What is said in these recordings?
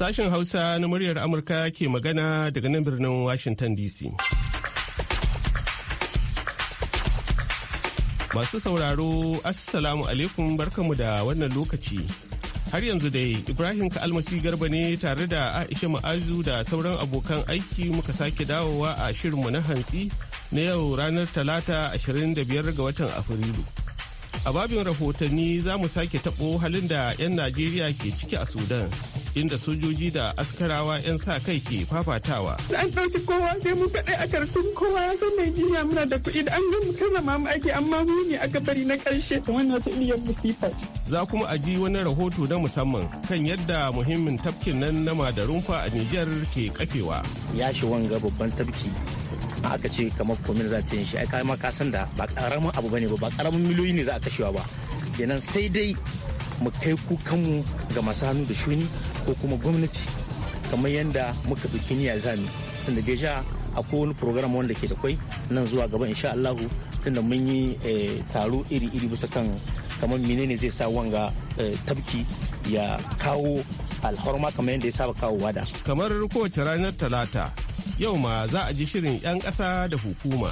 Sashen Hausa na muryar Amurka ke magana daga nan birnin Washington DC. Masu sauraro, Assalamu alaikum barkamu da wannan lokaci. Har yanzu dai Ibrahim Ka'almasi Garba ne tare da Aisha Ma'azu da sauran abokan aiki muka sake dawowa a shirinmu na hantsi na yau ranar Talata 25 ga watan Afrilu. A babin rahotanni za mu sake taɓo halin da 'yan Najeriya ke ciki a Sudan. inda sojoji da askarawa 'yan sa kai ke fafatawa. An ɗauki kowa sai mu faɗi a kartun kowa ya san Najeriya muna da kuɗi da an ga mu karrama mu ake amma mu ne aka bari na ƙarshe wannan wata iliyar musifa. Za kuma a ji wani rahoto na musamman kan yadda muhimmin tafkin nan na Madarunfa a Nijar ke kafewa. Ya shi wanga babban tafki aka ce kamar komin za ta yin shi ai ma kasan da ba karamin abu bane ba ba karamin miliyoyi ne za a kashewa ba kenan sai dai mu kai kukanmu ga masanu da shuni ko kuma gwamnati kamar yadda muka ɗauki niyya zami tunda deja akwai wani program wanda ke da kwai nan zuwa gaba insha Allahu tunda mun yi eh, taro iri-iri bisa kan kamar menene zai sa wanga eh, tabki ya kawo alhorma kamar yadda ya saba kawo wada. Kamar kowace ranar talata yau ma za a ji shirin 'yan ƙasa da hukuma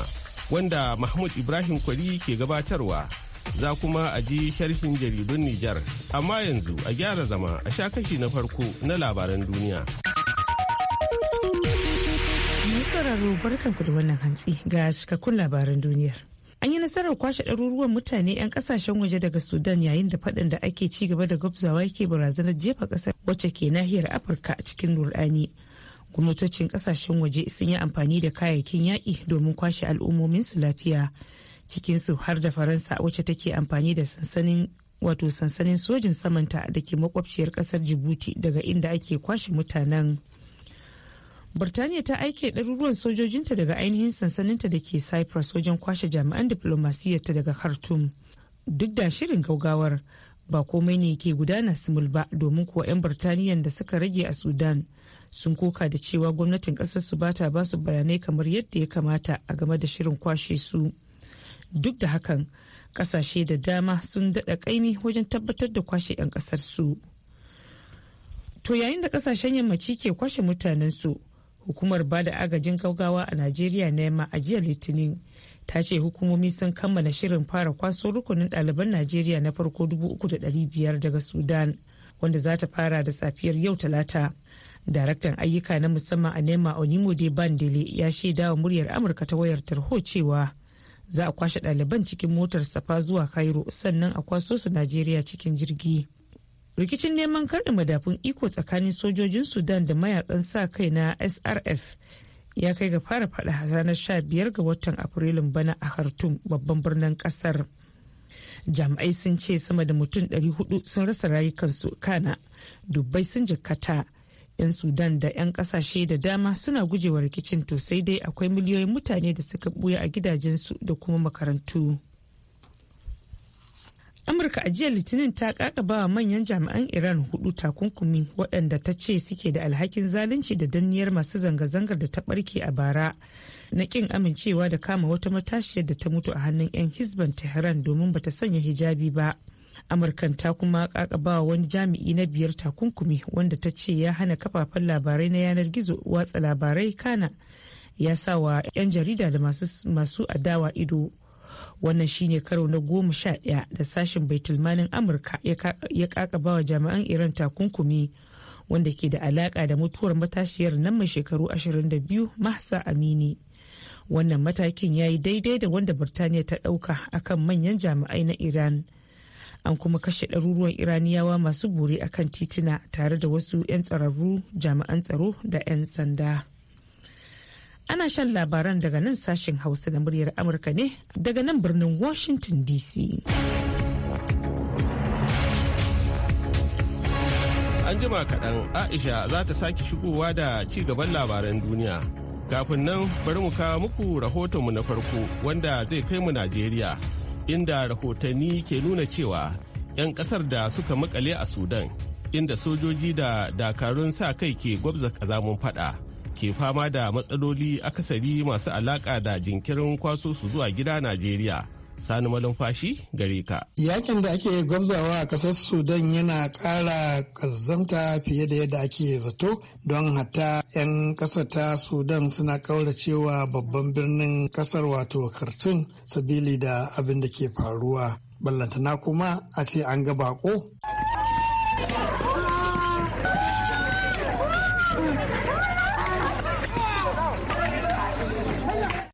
wanda Mahmud Ibrahim Kwari ke gabatarwa. za kuma a ji sharhin jaridun Nijar. Amma yanzu a gyara zama a sha kashi na farko na labaran duniya. sauraro barkanku da wannan hantsi ga cikakkun labaran duniyar. An yi nasarar kwashe ɗaruruwan mutane 'yan ƙasashen waje daga Sudan yayin da faɗin da ake ci gaba da gwabzawa yake barazanar jefa ƙasar wacce ke nahiyar Afirka a cikin nurani Gwamnatocin ƙasashen waje sun yi amfani da kayayyakin yaƙi domin kwashe su lafiya. cikinsu har da faransa wacce take amfani da sansanin wato sansanin sojin samanta da ke makwabciyar kasar jibuti daga inda ake kwashe mutanen Birtaniya ta aike ɗaruruwan sojojinta daga ainihin sansaninta da ke Cyprus wajen kwashe jami'an diplomasiyarta daga Khartoum. Duk da shirin gaugawar ba komai ne ke gudana simul ba domin kuwa 'yan Birtaniyan da suka rage a Sudan sun koka da cewa gwamnatin ƙasar su bata ba su bayanai kamar yadda ya kamata a game da shirin kwashe su. duk da hakan kasashe da dama sun daɗa ƙaimi wajen tabbatar da kwashe 'yan ƙasarsu. su to yayin da kasashen yammaci ke kwashe mutanen su hukumar ba da agajin gaugawa a najeriya nema a jiya litinin ta ce hukumomi sun kammala shirin fara kwaso rukunin ɗaliban najeriya na farko 3,500 daga sudan wanda za ta fara da safiyar yau talata daraktan ayyuka na musamman a nema onimode bandele ya shaida wa muryar amurka ta wayar tarho cewa za a kwashe ɗaliban cikin motar safa zuwa cairo sannan a kwaso su najeriya cikin jirgi rikicin neman karɗa madafun iko tsakanin sojojin sudan da mayakan sa kai na srf ya kai ga fara faɗa ranar 15 ga watan afrilun bana a khartoum babban birnin ƙasar jami'ai sun ce sama da mutum 400 sun rasa rayukansu kana dubbai sun jikkata 'yan sudan da 'yan kasashe da dama suna gujewa rikicin to sai dai akwai miliyoyin mutane da suka buya a gidajensu da kuma makarantu amurka a jiya litinin ta kakaba wa manyan jami'an iran hudu takunkumi waɗanda ta ce suke da alhakin zalunci da danniyar masu zanga-zangar da ta barke a bara na kin amincewa da kama wata matashiyar da ta mutu a hannun 'yan hizban tehran domin bata sanya hijabi ba amurkan ta kuma kakaba wani jami'i na biyar takunkumi wanda ta ce ya hana kafafen labarai na yanar gizo watsa labarai kana ya sa wa 'yan jarida da masu adawa ido wannan shine karo na goma sha ɗaya da sashen baitulmanin amurka ya kakaba wa jami'an iran takunkumi wanda ke da alaka da mutuwar matashiyar nan mai shekaru 22 mahsa amini wannan matakin ya yi daidai da wanda birtaniya ta ɗauka akan manyan jami'ai na iran an kuma kashe ɗaruruwan iraniyawa masu buri a kan tituna tare da wasu 'yan tsararru jami'an tsaro da 'yan sanda ana shan labaran daga nan sashen hausa da muryar amurka ne daga nan birnin washington dc an jima kaɗan aisha za ta sake shigowa da ci gaban labaran duniya kafin nan bari mu kawo muku mu na farko wanda zai kai mu najeriya inda rahotanni ke nuna cewa 'yan kasar da suka makale a sudan inda sojoji da dakarun sa kai ke gwabza kazamun fada ke fama da matsaloli akasari masu alaka da jinkirin kwaso su zuwa gida najeriya Sani Malumfashi gare ka. Yakin da ake gwamzawa a ƙasar Sudan yana ƙara ƙazzamta fiye da yadda ake zato don hatta 'yan ƙasar ta Sudan suna ƙauracewa babban birnin ƙasar wato kartun sabili da abin da ke faruwa. Ballantana kuma a ce an ga bako.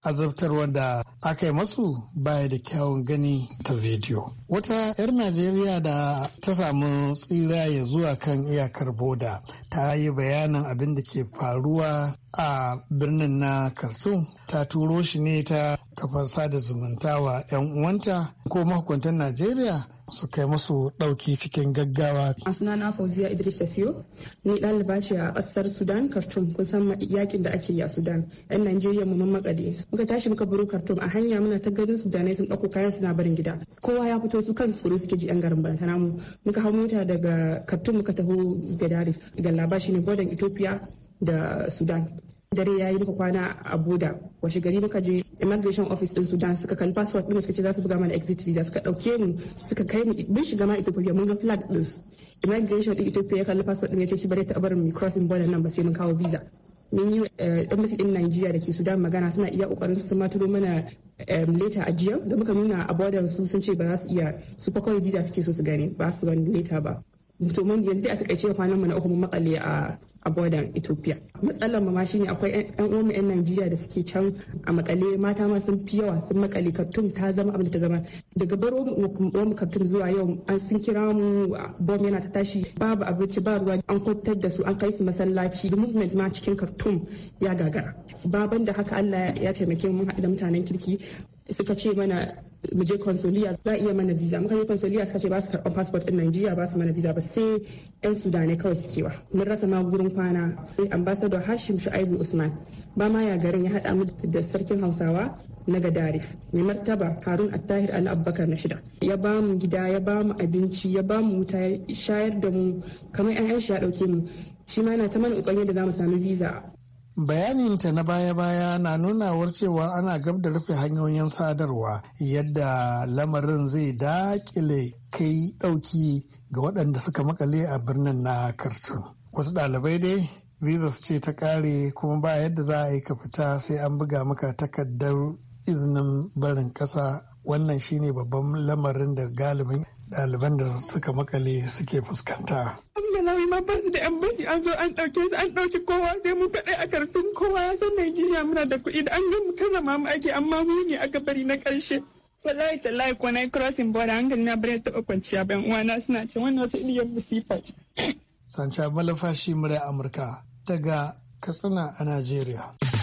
azabtarwar da aka yi masu baya da kyawun gani ta bidiyo. Wata 'yar Najeriya da ta samu tsira ya zuwa kan iyakar boda ta yi bayanin abin da ke faruwa a birnin na Khartoum ta turo shi ne ta kafar sada zumunta wa 'yan uwanta ko mahukuntan Najeriya su kai musu ɗauki cikin gaggawa. A sunana Fauziya Idris Safiyo, ni ɗaliba ce a ƙasar Sudan Khartoum kusan yakin da ake yi a Sudan. 'Yan Najeriya mu makade Muka tashi muka buru Khartoum a hanya muna ta ganin Sudanai sun ɗauko kayan suna barin gida. Kowa ya fito su kan tsoro suke ji 'yan garin Barantana mu. Muka hau mota daga Khartoum muka taho Gadarif. Gallaba shi ne gwadon Ethiopia da Sudan. dare yi muka kwana a boda washe gari muka je immigration office din Sudan suka kalli passport din suka ce za su buga mana exit visa suka dauke mu suka kai mu mun shiga ma Ethiopia mun ga flag din su immigration din Ethiopia ya kalli passport din ya ce shi bare ta barin mu crossing border nan ba sai mun kawo visa mun yi eh, embassy din Najeriya da ke Sudan magana suna iya kokarin su ma turo mana leta a jiya da muka nuna a border su sun ce ba za su iya su fa kawai visa suke so su gani ba su wani leta ba to mun yanzu a takaice kwanan mu na uku mun makale a a bodan Ethiopia. Matsalar mu ma shine akwai yan uwan yan Najeriya da suke can a makale mata ma sun fi yawa sun makale Khartoum ta zama abin da ta zama daga baro mu Khartoum zuwa yau an sun kira mu bom yana ta tashi babu abinci ba ruwa an kwantar da su an kai su masallaci the movement ma cikin Khartoum ya gagara. Baban da haka Allah ya taimake mu haɗu da mutanen kirki suka ce mana mu je consoliya za iya mana visa muka je consoliya suka ce ba su karɓar passport in Najeriya ba su mana visa ba sai yan Sudanai kawai suke wa mun rasa ma gurin kwana ambassador Hashim Shu'aibu Usman ba ma ya garin ya haɗa mu da sarkin Hausawa na ga Gadarif mai martaba Harun Attahir Ali Abubakar na shida ya ba mu gida ya ba mu abinci ya ba mu wuta ya shayar da mu kamar 'ya'yan shi ya dauke mu shi ma yana ta mana ƙoƙarin da za mu sami visa bayaninta na baya-baya na nunawar cewa ana gab da rufe hanyoyin sadarwa yadda lamarin zai dakile kai dauki ga waɗanda suka makale a birnin na kartun wasu ɗalibai dai visas ce ta ƙare kuma ba yadda za a yi ka fita sai an buga maka takardar izinin barin ƙasa wannan shine babban lamarin da galibin ɗaliban da suka makale suke fuskanta. Malawi ma ba su da yan baki an zo an ɗauke su an ɗauki kowa sai mu faɗi a karatun kowa ya san Najeriya muna da kuɗi da an gama karrama mu ake amma mu ne aka bari na ƙarshe. Wallahi tallahi ko na yi crossing border hankali na bari taɓa kwanciya bayan uwana suna ce wannan wata iliyar musifa ce. Sanca Malafashi murai Amurka daga Katsina a Najeriya.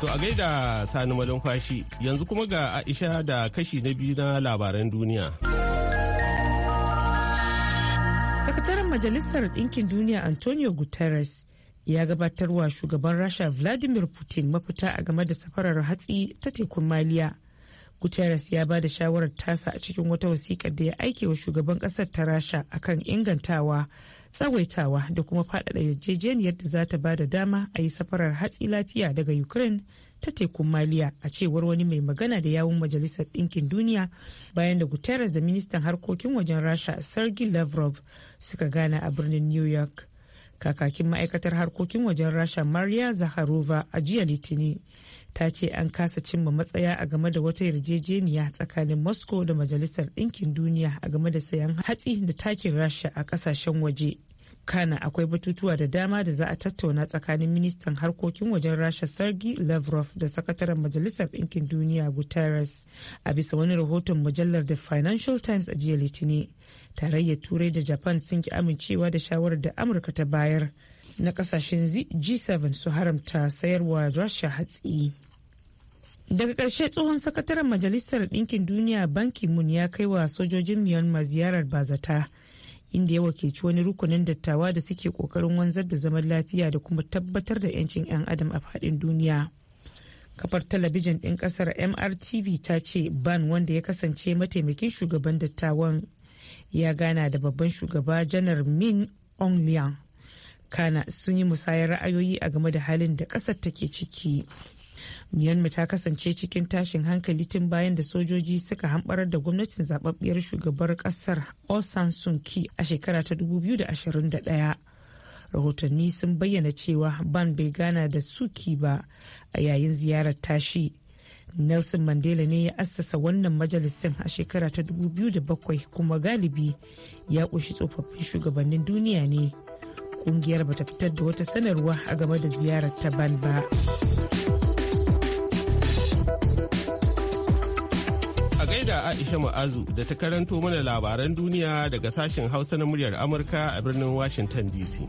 To a gaida sani malumfashi yanzu kuma ga Aisha da kashi na biyu na labaran duniya. Sakataren Majalisar Ɗinkin Duniya Antonio Guterres ya gabatar wa shugaban Rasha Vladimir Putin mafita a game da safarar hatsi ta tekun Maliya. Guterres ya ba da shawarar tasa a cikin wata wasiƙar da ya aike wa shugaban ƙasar ta Rasha akan ingantawa tsawaitawa da kuma faɗaɗa yarjejeniyar da za ta ba da dama a yi safarar hatsi lafiya daga ukraine ta tekun maliya a cewar wani mai magana da yawun majalisar ɗinkin duniya bayan da guterres da ministan harkokin wajen rasha sergei lavrov suka gana a birnin new york kakakin ma'aikatar harkokin wajen rasha maria zaharova a jiya litini ta ce an kasa cimma matsaya a game da wata yarjejeniya tsakanin moscow da majalisar ɗinkin duniya a game da sayan hatsi da takin rasha a ƙasashen waje kana akwai batutuwa da dama da za a tattauna tsakanin ministan harkokin wajen rasha sergi lavrov da sakataren majalisar ɗinkin duniya guterres a bisa wani rahoton mujallar the financial times a jiya litini tarayyar turai da japan sun ki amincewa da shawarar da amurka ta bayar na kasashen g7 su haramta sayarwa rasha hatsi daga ƙarshe tsohon sakataren majalisar ɗinkin duniya banki mun ya kai wa sojojin myanmar ziyarar bazata inda ya wakilci wani rukunin dattawa da suke ƙoƙarin wanzar da zaman lafiya da kuma tabbatar da 'yancin 'yan adam a faɗin duniya kafar talabijin ɗin ƙasar mrtv ta ce ban wanda ya kasance mataimakin shugaban dattawan ya gana da babban shugaba janar min ong liang kana sun yi musayar ra'ayoyi a game da halin da ƙasar take ciki Myanmar ta kasance cikin tashin hankali tun bayan da sojoji suka hamɓarar da gwamnatin zababbiyar shugabar ƙasar Osan oh Sun Ki a shekara ta 2021. Rahotanni sun bayyana cewa ban bai gana da suki ba a yayin ziyarar tashi Nelson Mandela ne ya assasa wannan majalisin a shekara ta 2007 kuma galibi ya ƙunshi tsofaffin shugabannin duniya ne. Kungiyar bata fitar da wata sanarwa a game da ziyarar ta ban ba. A gaida Aisha Ma'azu da ta karanto mana labaran duniya daga sashen Hausa na muryar Amurka a birnin Washington DC.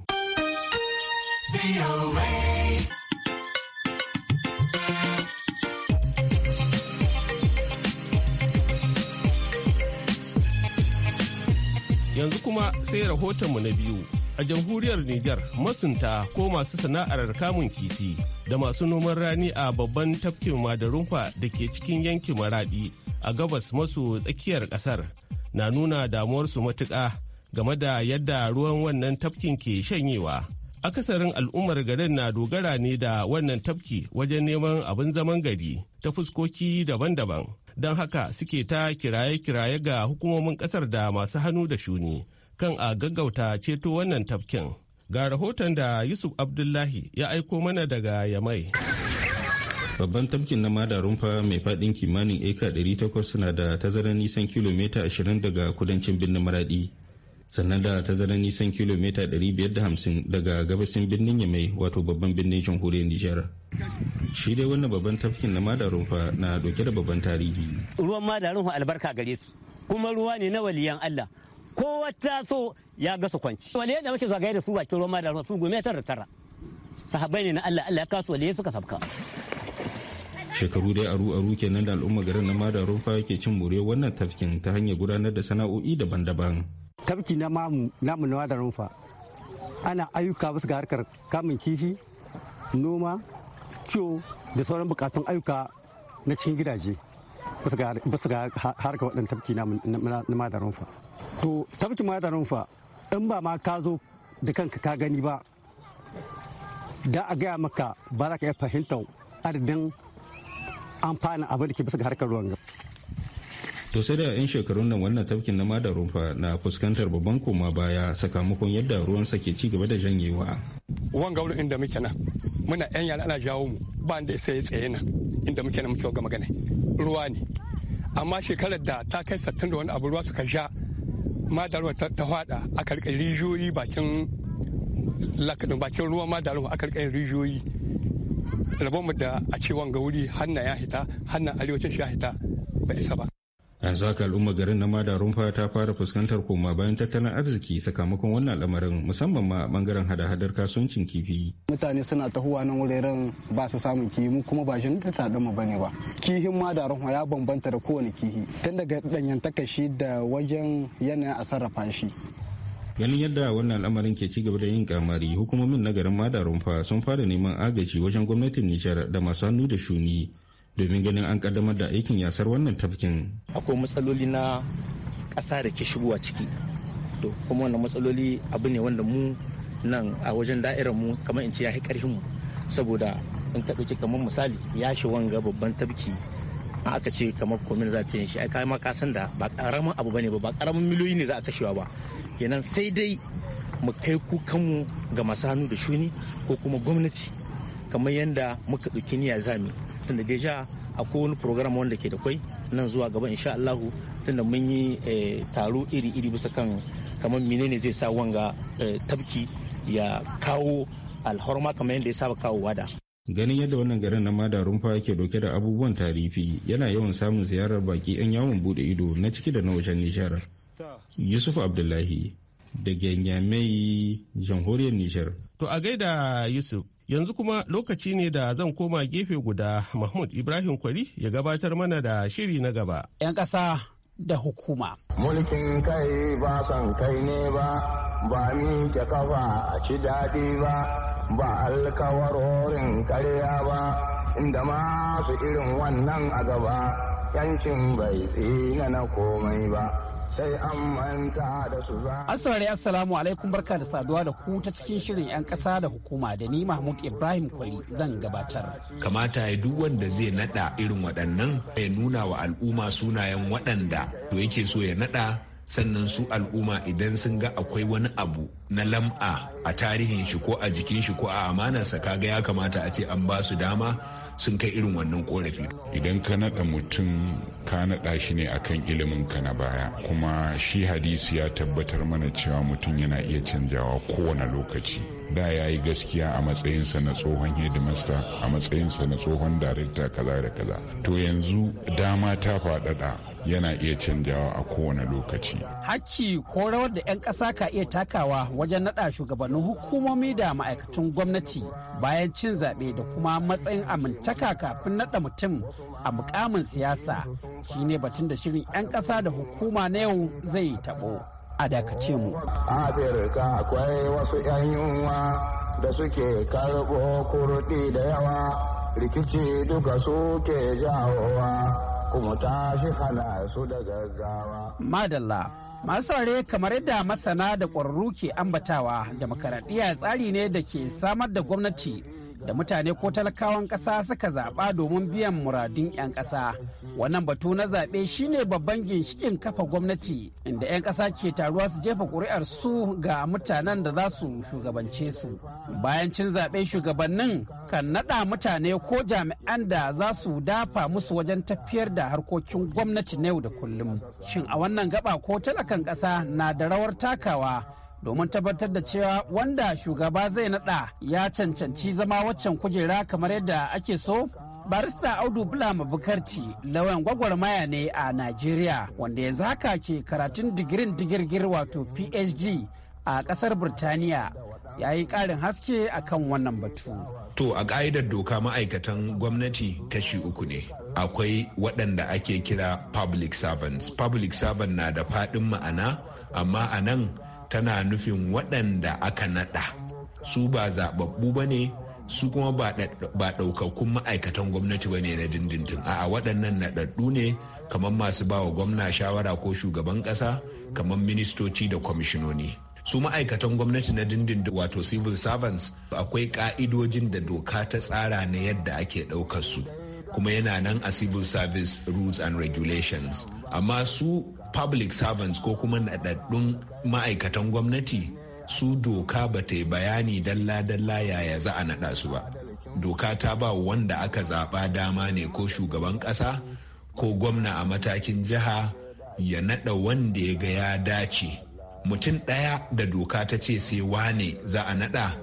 Yanzu kuma sai rahotonmu na biyu. A jamhuriyar Nijar masunta ko masu sana'ar kamun kifi da masu noman rani a babban tafkin madarunfa da ke cikin yankin maradi a gabas maso tsakiyar kasar na nuna damuwarsu matuƙa game da yadda ruwan wannan tafkin ke shanyewa. Akasarin al'ummar garin na dogara ne da wannan tafki wajen neman abin zaman gari ta fuskoki daban-daban. don haka suke ta kiraye-kiraye ga hukumomin kasar da masu hannu da shuni kan a gaggauta ceto wannan tafkin ga rahoton da yusuf abdullahi ya aiko mana daga yamai babban tafkin na mada rumfa mai faɗin kimanin eka 800 suna da tazarar nisan kilomita 20 daga kudancin birnin maradi sannan da tazarar nisan kilomita 550 daga gabashin birnin yamai wato babban birnin jamhuriyar nijar shi dai wannan babban tafkin na madarunfa na dauke da babban tarihi ruwan madarunfa albarka gare su kuma ruwa ne na waliyan Allah ko wata so ya gasa kwanci waliyan da muke zagaye da su bakin ruwan madarunfa su gome da tara sahabbai ne na Allah Allah ya kasu waliyan suka sabka shekaru dai aru aru kenan da al'umma garin na madarunfa ke cin more wannan tafkin ta hanyar gudanar da sana'o'i daban-daban tafki na mamu namu na madarunfa ana ayyuka bisa ga harkar kamun kifi noma kiwo da sauran bukatun ayyuka na cikin gidaje su ga harka waɗannan tafki na madaran fa to tafki madaran fa in ba ma ka zo da kanka ka gani ba da a gaya maka ba za ka iya fahimtar adadin amfanin abin da ke bisa ga harkar ruwan to sai da 'yan shekarun nan wannan tafkin na madar rumfa na fuskantar babban koma baya sakamakon yadda ruwansa ke ci gaba da janyewa wan gaurin inda muke nan muna yan yana ana jawo mu ba da sai ya tsaye nan inda muke nan muke ga magana ruwa ne amma shekarar da ta kai sattun da wani abu ruwa suka sha madarwa ta hada a karkar rijiyoyi bakin lakadin bakin da madarwa a karkar rijiyoyi rabon mu da a ce wanga wuri hanna ya hita hanna arewacin shi ya hita ba isa ba yanzu haka al'ummar garin na mada rumfa ta fara fuskantar koma bayan tattalin arziki sakamakon wannan al'amarin musamman ma bangaren hada-hadar kasuwancin kifi mutane suna tahowa nan wuraren ba su samun kifi mu kuma ba shin ta din mu bane ba kihin mada rumfa ya bambanta da kowane kifi tun daga danyen takashi da wajen yanayin a sarrafa shi ganin yadda wannan al'amarin ke cigaba da yin kamari hukumomin na garin mada rumfa sun fara neman agaji wajen gwamnatin nishar da masu hannu da shuni domin ganin an kaddamar da aikin yasar wannan tafkin akwai matsaloli na ƙasa da ke shigowa ciki to kuma wannan matsaloli abu ne wanda mu nan a wajen da'irar mu kamar in ce ya fi karfin mu saboda in ka ɗauki kamar misali ya shi wanga babban tafki an aka ce kamar komin za ta yin shi ai kai ma ka san da ba ƙaramin abu bane ba ba karaman miliyoyi ne za a kashewa ba kenan sai dai mu kai kukanmu ga masu hannu da shuni ko kuma gwamnati kamar yadda muka ɗauki niyya zami tunda deja a kowane program wanda ke da kwai nan zuwa gaba insha Allahu tunda mun yi eh, taro iri-iri bisa kan kamar menene zai sa wanga eh, tabki ya kawo alhorma kamar yadda ya saba kawowa da. ganin yadda wannan garin na mada rumfa yake dauke da abubuwan tarifi yana yawan samun ziyarar baki 'yan yawon bude ido na ciki da na wajen nishar yusuf abdullahi daga yamai jamhuriyar nishar to a gaida yusuf Yanzu kuma lokaci ne da zan koma gefe guda Mahmud Ibrahim Kwari ya gabatar mana da shiri na gaba. 'Yan ƙasa da hukuma. Mulkin kai ba son kai ne ba, ba mi kafa a ci daɗi ba, ba alkawarorin karya ba, inda masu irin wannan a gaba, yancin bai tsina na komai ba. sai an manta da su za. Asirare Assalamu alaikum barka da saduwa da ku ta cikin shirin 'yan ƙasa da hukuma da ni Mahmud Ibrahim kwali zan gabatar. Kamata ya duk wanda zai nada irin waɗannan ya nuna wa al'umma sunayen waɗanda to yake so ya nada sannan su al'umma idan sun ga akwai wani abu na lam'a a tarihin shi ko a jikin shi ko a amanarsa kaga ya kamata a ce an ba su dama sun kai irin wannan korafi idan ka naɗa mutum ka naɗa shi ne akan ilimin ka na baya kuma shi hadisi ya tabbatar mana cewa mutum yana iya canjawa kowane lokaci da ya yi gaskiya a matsayinsa na tsohon hedimasta a matsayinsa na tsohon darekta kaza da kaza to yanzu dama ta faɗaɗa yana iya canjawa a kowane lokaci. Hakki ko rawar da 'yan ƙasa ka iya takawa wajen naɗa shugabannin hukumomi da ma'aikatan gwamnati bayan cin zaɓe da kuma matsayin amintaka kafin naɗa mutum a mukamin siyasa shine batun da shirin 'yan ƙasa da hukuma na yau zai taɓo. a dakace mu afirka akwai wasu 'yan yunwa da suke karɓo kurɗi da yawa rikici duka suke jawowa kuma shi hana su da gaggawa madalla masu ware kamar yadda masana da ƙwararru ke ambatawa demokaradiyya tsari ne da ke samar da gwamnati da mutane ko talakawan ƙasa suka zaɓa domin biyan muradun 'yan ƙasa. Wannan batu na zaɓe shine babban ginshikin kafa gwamnati inda 'yan ƙasa ke taruwa su jefa ƙuri'ar su ga mutanen da za su shugabance su. Bayan cin zaɓe shugabannin kan naɗa mutane ko jami'an da za su dafa musu wajen tafiyar da harkokin gwamnati na yau da kullum. Shin a wannan gaba ko talakan ƙasa na da rawar takawa domin tabbatar da cewa wanda shugaba zai naɗa ya cancanci zama waccan kujera kamar yadda ake so barista audu bulama bukarci lauyan gwagwarmaya ne a nigeria wanda yanzu haka ke karatun digirin digirgir wato phd a kasar birtaniya ya yi karin haske akan wannan batu to a ka'idar doka ma'aikatan gwamnati kashi uku ne akwai waɗanda ake kira public servants public servant na da faɗin ma'ana amma a nan tana nufin waɗanda aka naɗa su ba zaɓaɓɓu ba ne su kuma ba ɗaukakkun ma'aikatan gwamnati ba ne na dindindin a'a waɗannan naɗaɗɗu ne kamar masu bawa gwamna shawara ko shugaban ƙasa kamar ministoci da kwamishinoni su ma'aikatan gwamnati na dindindin wato civil servants akwai ka'idojin da doka ta tsara na yadda ake ɗaukar su kuma yana nan a civil service rules and regulations amma su public servants ko kuma naɗaɗɗun ma'aikatan gwamnati su doka ba ta yi bayani dalla-dalla yaya za a naɗa su ba doka ta ba wanda aka zaɓa dama ne ko shugaban ƙasa ko gwamna a matakin jiha ya naɗa wanda ya ga ya dace mutum ɗaya da doka ta ce sai wane za a naɗa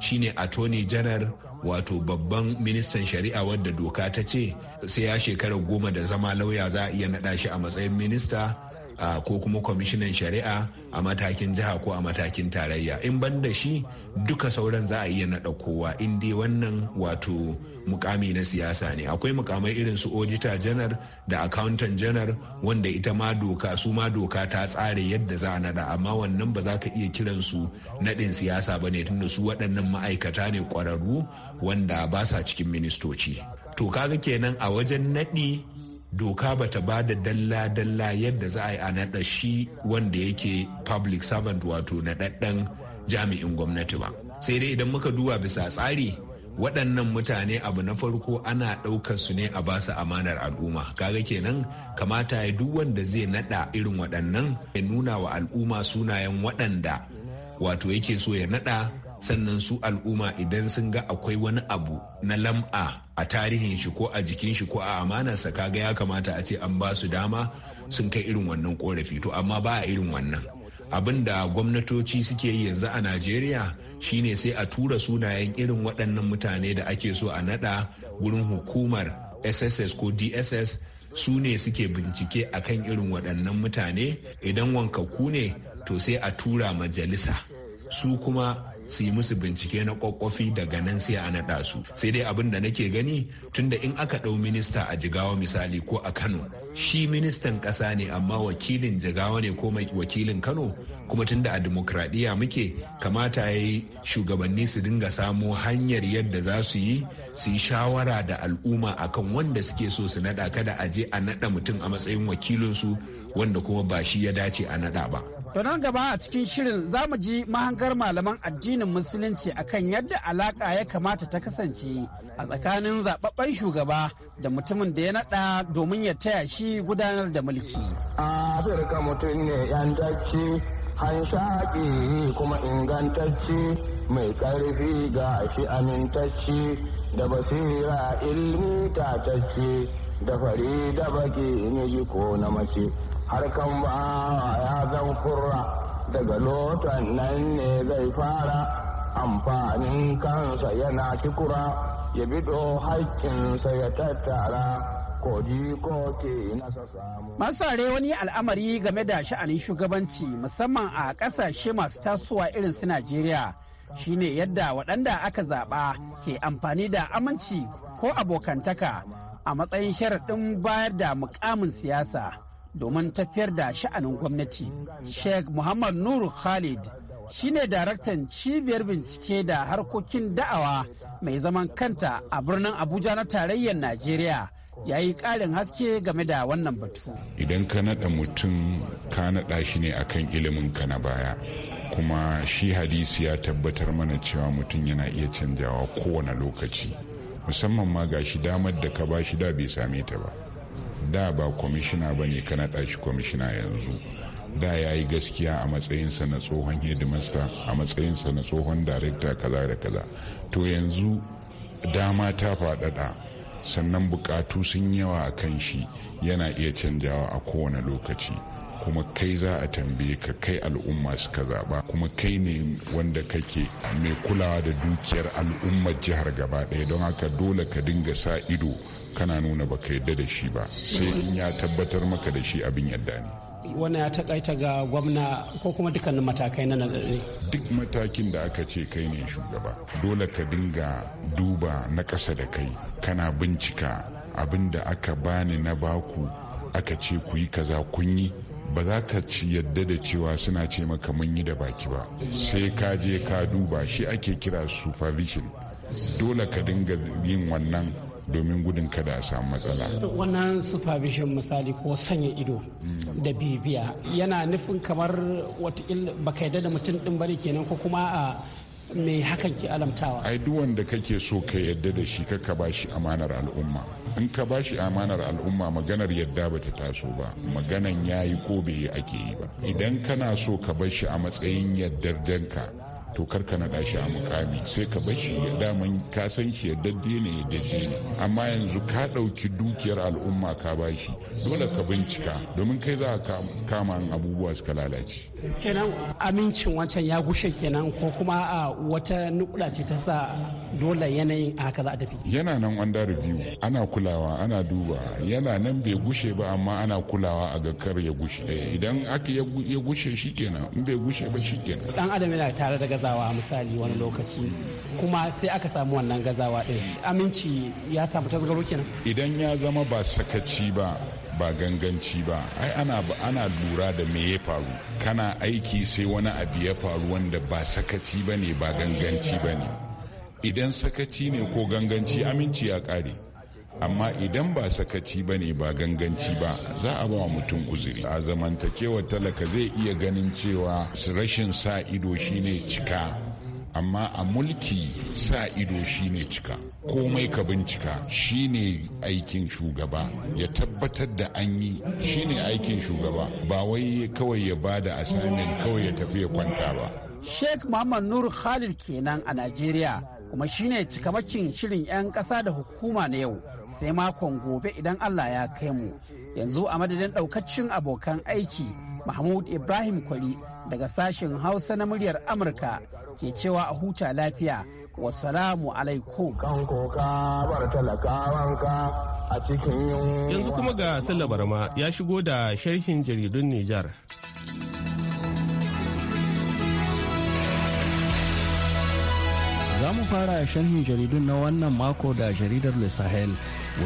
shine attorney janar wato babban ministan shari'a wadda doka ta ce sai ya shekara goma da zama lauya za a iya naɗa shi a matsayin minista ko kuma kwamishinan shari'a a matakin jiha ko a matakin tarayya in ban da shi duka sauran za a iya naɗa kowa in dai wannan wato mukami na siyasa ne akwai mukamai irin su ojita janar da accountant janar wanda ita ma doka su ma doka ta tsare yadda za a nada amma wannan ba za ka iya kiran su nadin siyasa ba ne tunda su waɗannan ma'aikata ne ƙwararru wanda ba sa cikin ministoci to kaga kenan a wajen naɗi doka bata ba da dalla-dalla yadda za a yi a naɗa shi wanda yake public servant wato naɗaɗɗen jami'in gwamnati ba sai dai idan muka duba bisa tsari waɗannan mutane abu na farko ana ɗaukar su ne a basu amanar al'umma kaga kenan kamata ya duk wanda zai naɗa irin waɗannan ya nuna wa al'umma sunayen waɗanda wato yake so ya naɗa sannan su al'umma idan sun ga akwai wani abu na lam'a a tarihin shi ko a jikin shi ko a amanarsa kaga ya kamata a ce an ba su dama sun kai irin wannan korafi to amma ba a irin wannan abin da gwamnatoci suke yi yanzu a najeriya shine sai a tura sunayen irin waɗannan mutane da ake so a naɗa wurin hukumar sss ko dss su ne suke bincike a kan irin waɗannan mutane idan wankakku ne to sai a tura majalisa su kuma su yi musu bincike na kwakwafi daga nan sai a naɗa su sai dai abin da nake gani tunda in aka ɗau minista a jigawa misali ko a kano shi ministan ƙasa ne amma wakilin jigawa ne ko wakilin kano kuma tunda a demokradiyya muke kamata ya yi shugabanni su dinga samo hanyar yadda za su yi su yi shawara da al'umma akan wanda suke so su naɗa kada a je a naɗa mutum a matsayin wakilinsu wanda kuma ba shi ya dace a naɗa ba To nan gaba a cikin shirin za mu ji mahangar malaman addinin musulunci akan yadda alaka ya kamata ta kasance a tsakanin zababben shugaba da mutumin da ya nada domin ya taya shi gudanar da mulki. Afirka mutum ne yantacci, hanshaƙi kuma ingantacci mai ƙarfi ga shi amintacci da basira ilmi tatacci da fari da baki ne ko na mace. harkan ba ya zan kurra daga lotan nan ne zai fara amfanin kansa yana kikura ya bido haƙƙinsa ya tattara Masare wani al'amari game da sha'anin shugabanci musamman a ƙasashe masu tasowa irin su Najeriya shine yadda waɗanda aka zaɓa ke amfani da aminci ko abokantaka a matsayin sharaɗin bayar da mukamin siyasa. domin tafiyar da sha'anin gwamnati sheikh muhammad nur khalid ne daraktan cibiyar bincike da harkokin da'awa mai zaman kanta a birnin abuja na tarayyar najeriya ya yi ƙarin haske game da wannan batu idan ka naɗa mutum ka naɗa shi ne akan ilimin ka na baya kuma shi hadisi ya tabbatar mana cewa mutum yana iya canjawa kowane lokaci musamman ma ga shi damar da ka ba shi da bai same ta ba da ba kwamishina ba ne ka naɗa shi kwamishina yanzu da ya yi gaskiya a matsayinsa na tsohon hedimasta a matsayinsa na tsohon darekta kaza da kaza to yanzu dama ta faɗaɗa sannan bukatu sun yawa a kan shi yana iya canjawa a kowane lokaci kuma kai za a tambaye ka kai al'umma suka zaba kuma kai ne wanda kake mai kulawa da dukiyar al'ummar jihar gaba ɗaya don haka dole ka dinga sa ido kana nuna baka yadda da shi ba sai in ya tabbatar maka da shi abin yadda ne wannan ya takaita ga gwamna ko kuma dukkanin matakai na nadari duk matakin da aka ce kai ne shugaba dole ka dinga duba na ƙasa da kai kana bincika abinda aka bani na baku aka ce ku yi kaza kun yi ba za ka ci yadda da cewa suna ce maka mun yi da baki ba sai ka je ka duba shi ake kira supervision dole ka dinga yin wannan domin gudun kada a samu matsala. Wannan supervision misali ko sanya ido mm. da bibiya yana nufin kamar wata baka yadda da mutum din bari kenan ko kuma a ah, me hakan ke alamtawa ai duk wanda kake so ka yadda da shi ka ba shi amanar al'umma in ka ba shi amanar al'umma maganar yadda ba ta taso ba maganan yayi ko bai ake yi ba idan kana so ka bar shi a matsayin yaddar danka to karka naɗa shi a mukami sai ka bashi ya daman ka san shi ya ne ya dade ne amma yanzu ka ɗauki dukiyar al'umma ka bashi dole ka bincika domin kai za ka kama abubuwa suka lalace kenan amincin wancan ya gushe kenan ko kuma a wata nukula ce ta sa dole yanayin a haka za a tafi yana nan under review ana kulawa ana duba yana nan bai gushe ba amma ana kulawa a ga kar ya gushe eh, idan aka ya gushe kenan in bai gushe ba shi kenan. dan adam yana tare da gaza gazawa misali wani lokaci kuma sai aka samu wannan gazawa ɗin aminci ya samu tasgaro kenan idan ya zama ba sakaci ba ba ganganci ba ai ana ana lura da me ya faru kana aiki sai wani abu ya faru wanda ba sakaci ba ne ba ganganci ba ne idan sakaci ne ko ganganci aminci ya ƙare. amma idan ba sakaci ba ne ba ganganci ba za a ba mutum uzuri a zamantakewa talaka zai iya ganin cewa rashin sa ido shine cika amma a mulki sa ido shine cika komai ka bincika shine aikin shugaba ya tabbatar da an yi shine aikin shugaba ba wai kawai ya bada assignment kawai ya tafi ya kwanta ba sheikh muhammad nur khalid kenan a najeriya kuma shine cikamacin shirin 'yan ƙasa da hukuma na yau sai makon gobe idan Allah ya kai mu yanzu a madadin ɗaukacin abokan aiki mahmud ibrahim kwari daga sashen hausa na muryar amurka ke cewa a huta lafiya wasalamu alaikum yanzu kuma ga ma ya shigo da sharhin jaridun nijar Za mu fara shanhin jaridun na wannan mako da jaridar Le Sahel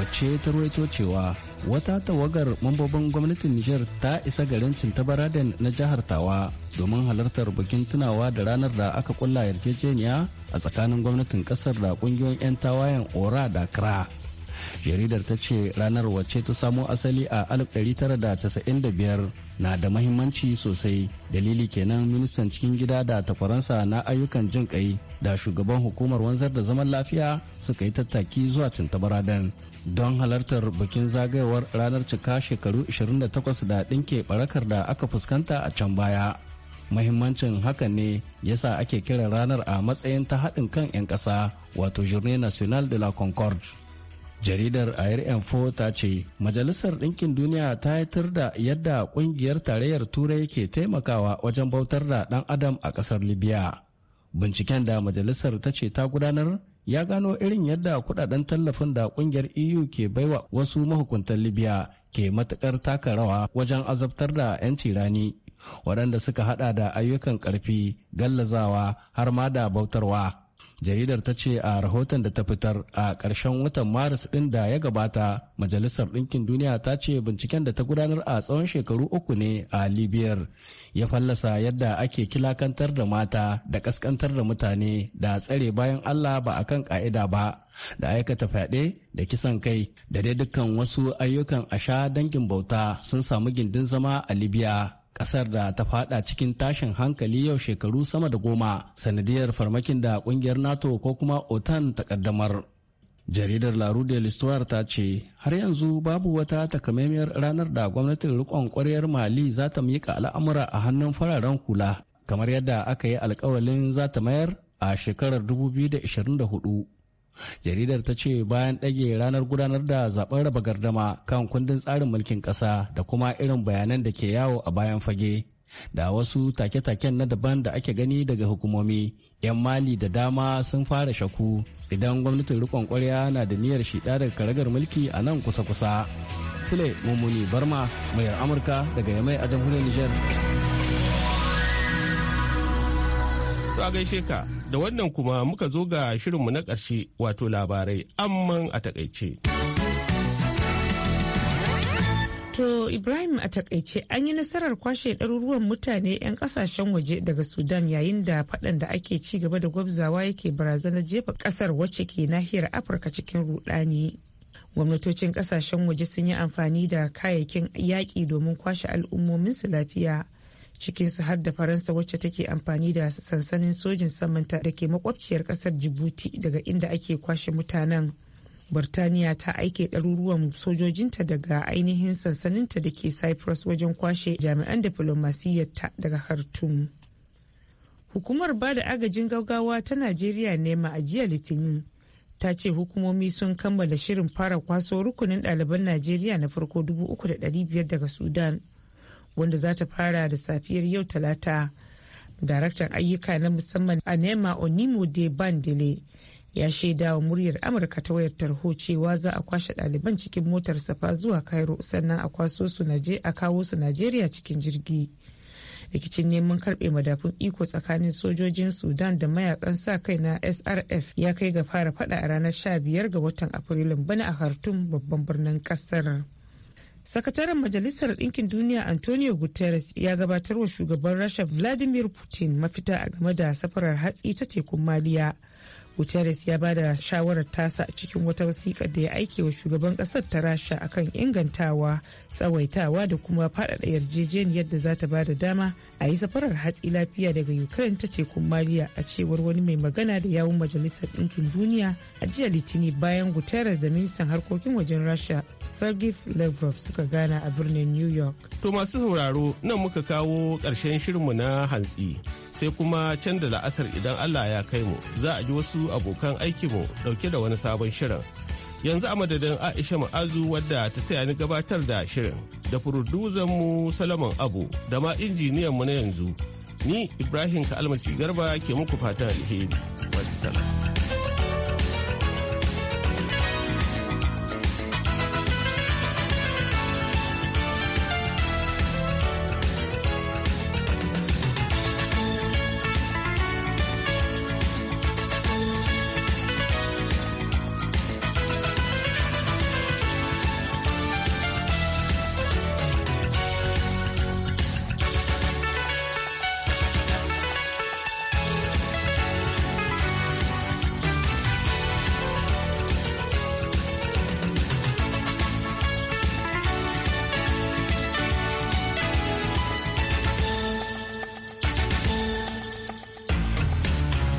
wacce ta ruwaito cewa wata tawagar mambobin gwamnatin Nijar ta isa garin Cintabaraden na jihar Tawa domin halartar bikin tunawa da ranar da aka kulla yarjejeniya a tsakanin gwamnatin kasar da kungiyoyin 'yan tawayen Ora da Kra. Jaridar ta ce ranar wacce ta samo asali a 1995 na da mahimmanci sosai dalili kenan ministan cikin gida da takwaransa na ayyukan jin kai da shugaban hukumar wanzar da zaman lafiya suka yi tattaki zuwa cintabaradan don halartar bikin zagayowar ranar cika shekaru 28 da dinke barakar da aka fuskanta a can baya mahimmancin hakan ne yasa ake kiran ranar a matsayin ta haɗin kan 'yan ƙasa wato journée nationale de la concorde jaridar air info ta ce majalisar ɗinkin duniya ta haitar da yadda ƙungiyar tarayyar turai ke taimakawa wajen bautar da ɗan adam a ƙasar libya binciken da majalisar ta ce ta gudanar ya gano irin yadda kudaden tallafin da ƙungiyar eu ke baiwa wasu mahukuntan libya ke matukar taka rawa wajen azabtar da 'yanci rani waɗanda suka hada da ayyukan ƙarfi gallazawa har ma da bautarwa jaridar ta ce a rahoton da ta fitar a ƙarshen watan maris ɗin da ya gabata majalisar ɗinkin duniya ta ce binciken da ta gudanar a tsawon shekaru uku ne a libiyar ya fallasa yadda ake kilakantar da mata da ƙasƙantar da mutane da tsare bayan allah ba a kan ƙa'ida ba da aikata fyaɗe da kisan kai da dai dukkan wasu ayyukan asha dangin bauta sun samu gindin zama a libya kasar da ta fada cikin tashin hankali yau shekaru sama da goma sanadiyar farmakin da kungiyar nato ko kuma otan ta kaddamar jaridar laru de ta ce har yanzu babu wata takamaimiyar ranar da gwamnatin rikon kwaryar mali za ta miƙa al'amura a hannun fararen hula kamar yadda aka yi alkawalin za ta mayar a shekarar 2024 jaridar ta ce bayan ɗage ranar gudanar da zaben raba gardama kan kundin tsarin mulkin ƙasa da kuma irin bayanan da ke yawo a bayan fage da wasu take-taken na daban da ake gani daga hukumomi 'yan mali da dama sun fara shaku idan gwamnatin rikon kwarya na da niyyar shida daga karagar mulki a nan kusa-kusa sule mummuni barma muryar amurka daga yamai a jamhuriyar niger to a gaishe ka da wannan kuma muka zo ga shirinmu na ƙarshe wato labarai amman a takaice. To Ibrahim a takaice an yi nasarar kwashe ɗaruruwan mutane 'yan ƙasashen waje daga Sudan yayin da faɗan da ake ci gaba da gwabzawa yake barazanar jefa ƙasar wacce ke nahiyar Afirka cikin rudani. Gwamnatocin ƙasashen waje sun yi amfani da kayayyakin yaƙi domin kwashe al'ummominsu lafiya. cikin su har da faransa wacce take amfani da sansanin sojin samanta da ke makwabciyar kasar jibuti daga inda ake kwashe mutanen Birtaniya ta aike ɗaruruwan sojojinta daga ainihin sansaninta da ke Cyprus wajen kwashe jami'an diflomasiyyarta daga Khartoum. Hukumar ba da agajin gaggawa ta Najeriya ne a jiya Litinin ta ce hukumomi sun kammala shirin fara kwaso rukunin ɗaliban Najeriya na farko uku da biyar daga Sudan wanda za ta fara da safiyar yau talata daraktan ayyuka na musamman a anema onimo de bandele ya shaida wa muryar amurka ta wayar tarho cewa za a kwashe ɗaliban cikin motar safa zuwa cairo sannan a kwaso su a kawo su najeriya cikin jirgi rikicin neman karbe madafun iko tsakanin sojojin sudan da mayakan sa kai na srf ya kai ga fara fada a ranar 15 ga watan afrilun bana a hartun babban birnin kasar. sakataren majalisar ɗinkin duniya antonio guterres ya gabatar wa shugaban rasha vladimir putin mafita a game da safarar hatsi ta tekun maliya guterres ya bada shawarar tasa a cikin wata wasiƙa da ya aike wa shugaban ƙasar ta rasha akan ingantawa tsawaitawa da kuma faɗaɗa yarjejeniyar da za ta ba da dama a yi safarar hatsi lafiya daga ukraine ta tekun maliya a cewar wani mai magana da yawun majalisar ɗinkin duniya a jiya litini bayan guterres da ministan harkokin wajen rasha sergey lavrov suka gana a birnin new york to masu sauraro nan muka kawo ƙarshen shirinmu na hantsi sai kuma can da la'asar idan Allah ya kai mu za a ji wasu abokan mu dauke da wani sabon shirin. Yanzu a madadin Aisha Ma'azu wadda ta taya ni gabatar da shirin da mu Salaman Abu da ma injiniyan mu na yanzu. Ni Ibrahim Ka'almasi Garba ke muku fatan alheri. Wassalam.